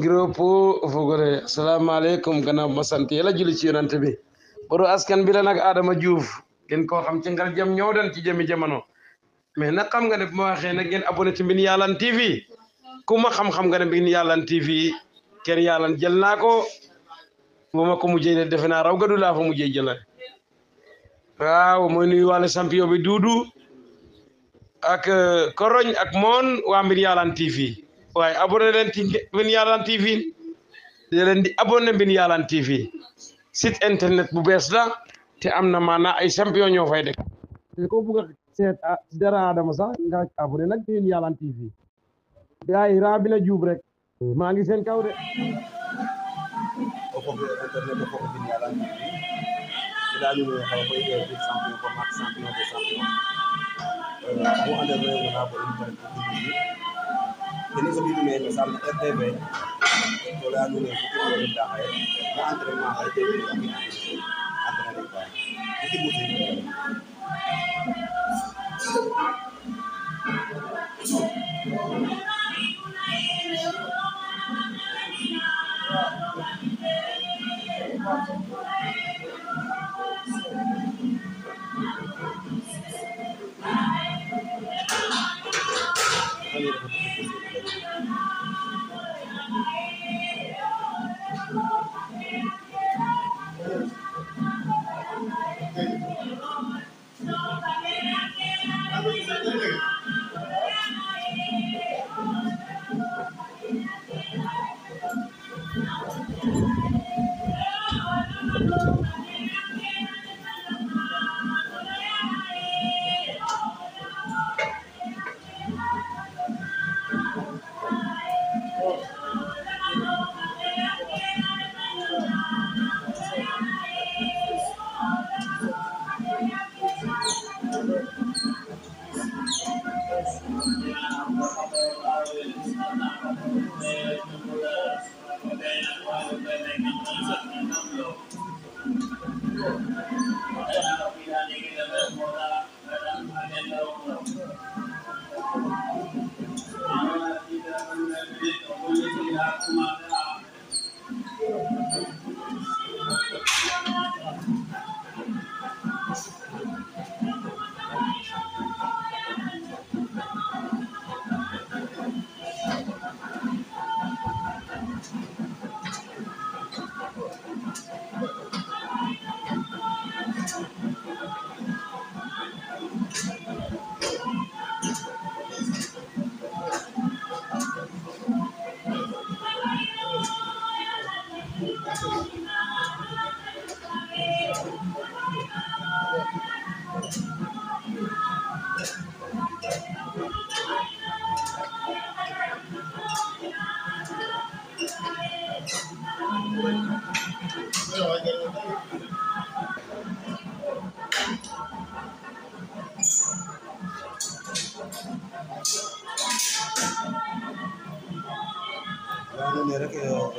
groupe fogole asalaamaaleykum gannaaw ma sant yàlla julli ci yonante bi boru askan bi la nag Adama Diouf ngeen ko xam ci ngal jam ñëw dan ci jëmi jamono mais nag xam nga ne bu ma waxee nag ngeen abonné ci Mbine Yalane TV ku ma xam-xam nga ne Mbine Yalane TV kenn Yalane jël naa ko bu ma ko defe naa raw gadu laa fa mujjee jëla waaw mooy nuyu waale champion bi duudu ak koroñ ak moon waa Mbine Yalane TV waaye abonné leen ci Mbine Yalane TV di leen di abonné Mbine TV site internet bu bees la te am na maanaa ay champion ñoo fay dëkk ko bëgg a seet ah, dara Adama sax nga nag Mbine Yalane TV gaay raa bi na juub rek maa ngi seen kaw tenir sa biir mairie げることが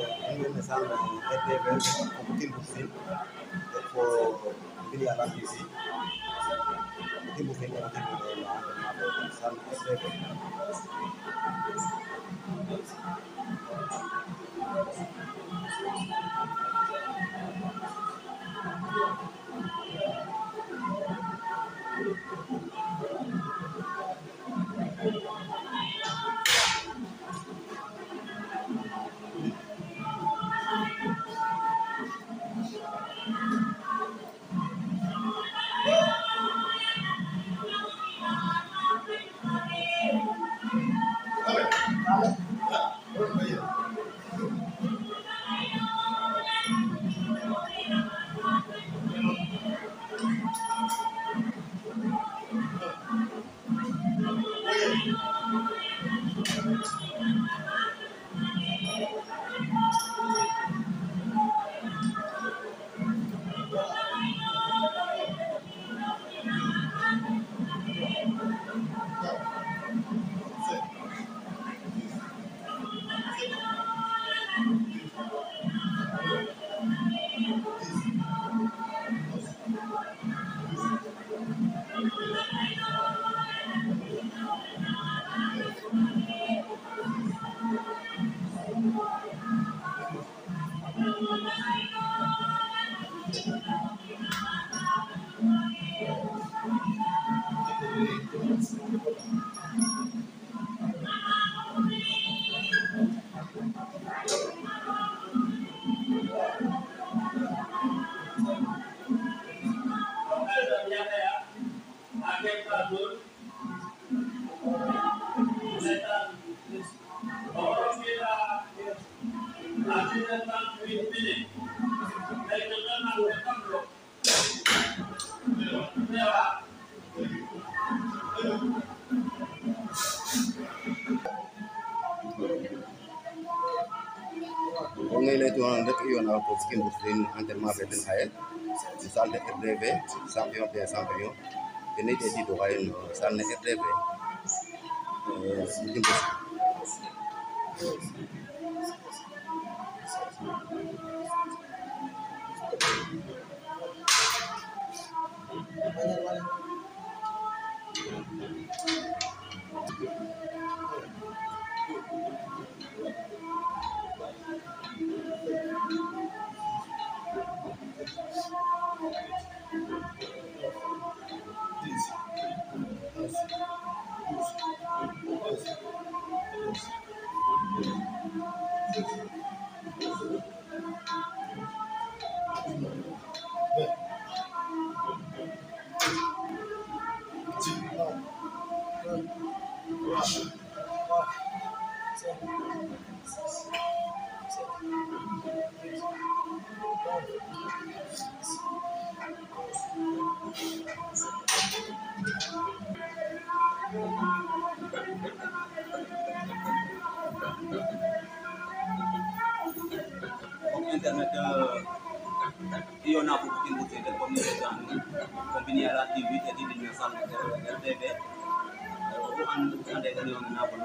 England o u n d at t e i very c o m t i n g muslim for really around you see. c o m e i n g m u s l i and c o m p e t i n s l i m and sound at their v e r 可以了。Doamna, eu n-am avut schimburi prin antrenamente din Hael, în sală de ebreve, campion de campion, de ne dedi do Hael, în sală de ebreve. Thank you. internet iyo na fukukin bu tete commune tan commune ala tv tete dinna sal tete tete o an ande ngani on na bolu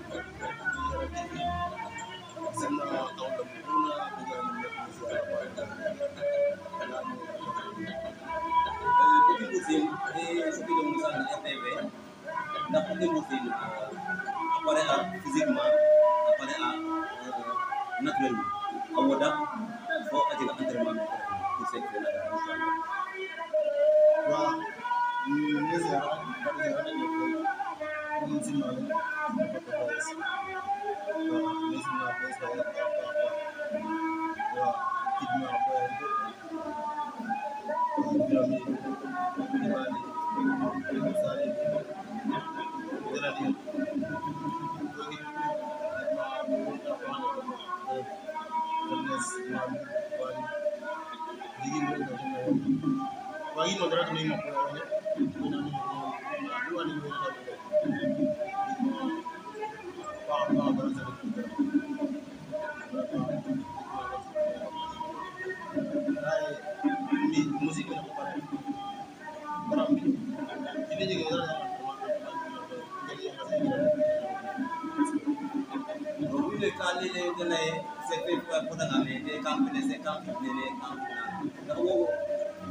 no.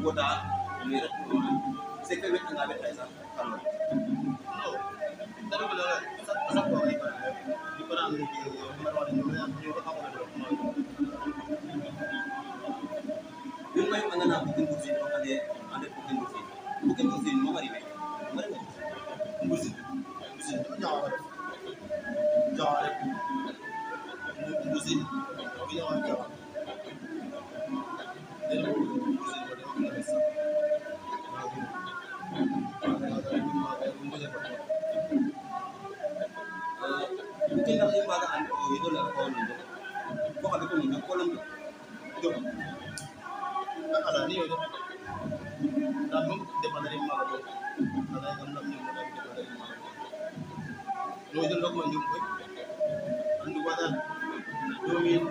kuota omera kuona seka be tanga be taisa kalo taru bala sa sa ko ai para di para ni ki mar wale ni na ni ko ka ko do ni mai mangana bukin bukin ko kale ande bukin bukin bukin bukin mo mari mai mari mai bukin bukin ja ja bukin bukin ko ya wa ja Yo. Nakalayo yun. Namun, hindi pa na rin makagawa. Nakalayo lang yung mga hindi pa na rin makagawa. Noy dun lang man yung point. Ano ba na? Lumin,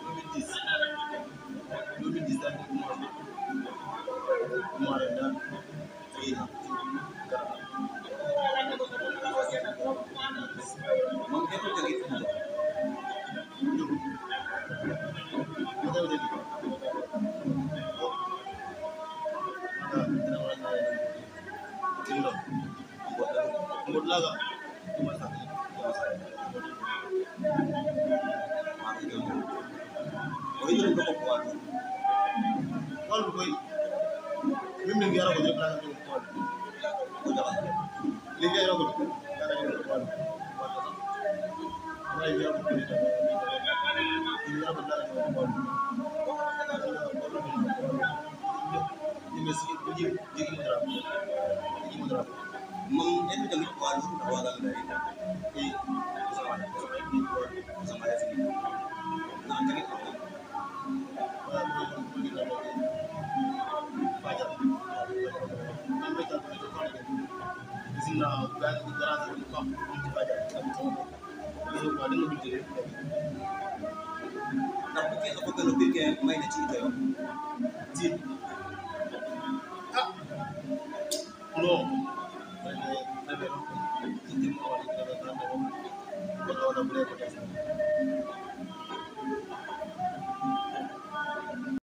lumin this. Lumin this na kumara. Kumara na. Kaya na. woi yang kau kuat kuat woi mim dengan orang kau pelan kau kuat kau jaga lihat orang kau cara kau kuat kuat jaga mana ini orang kau ini orang benar kau kuat ini sih ini ini mudah ini mudah mem ini dengan kuat itu awal dari ini sama sama ini sama ya sih nah jadi nakubuka kwamba ndio pekee maana chini yao. Ndio.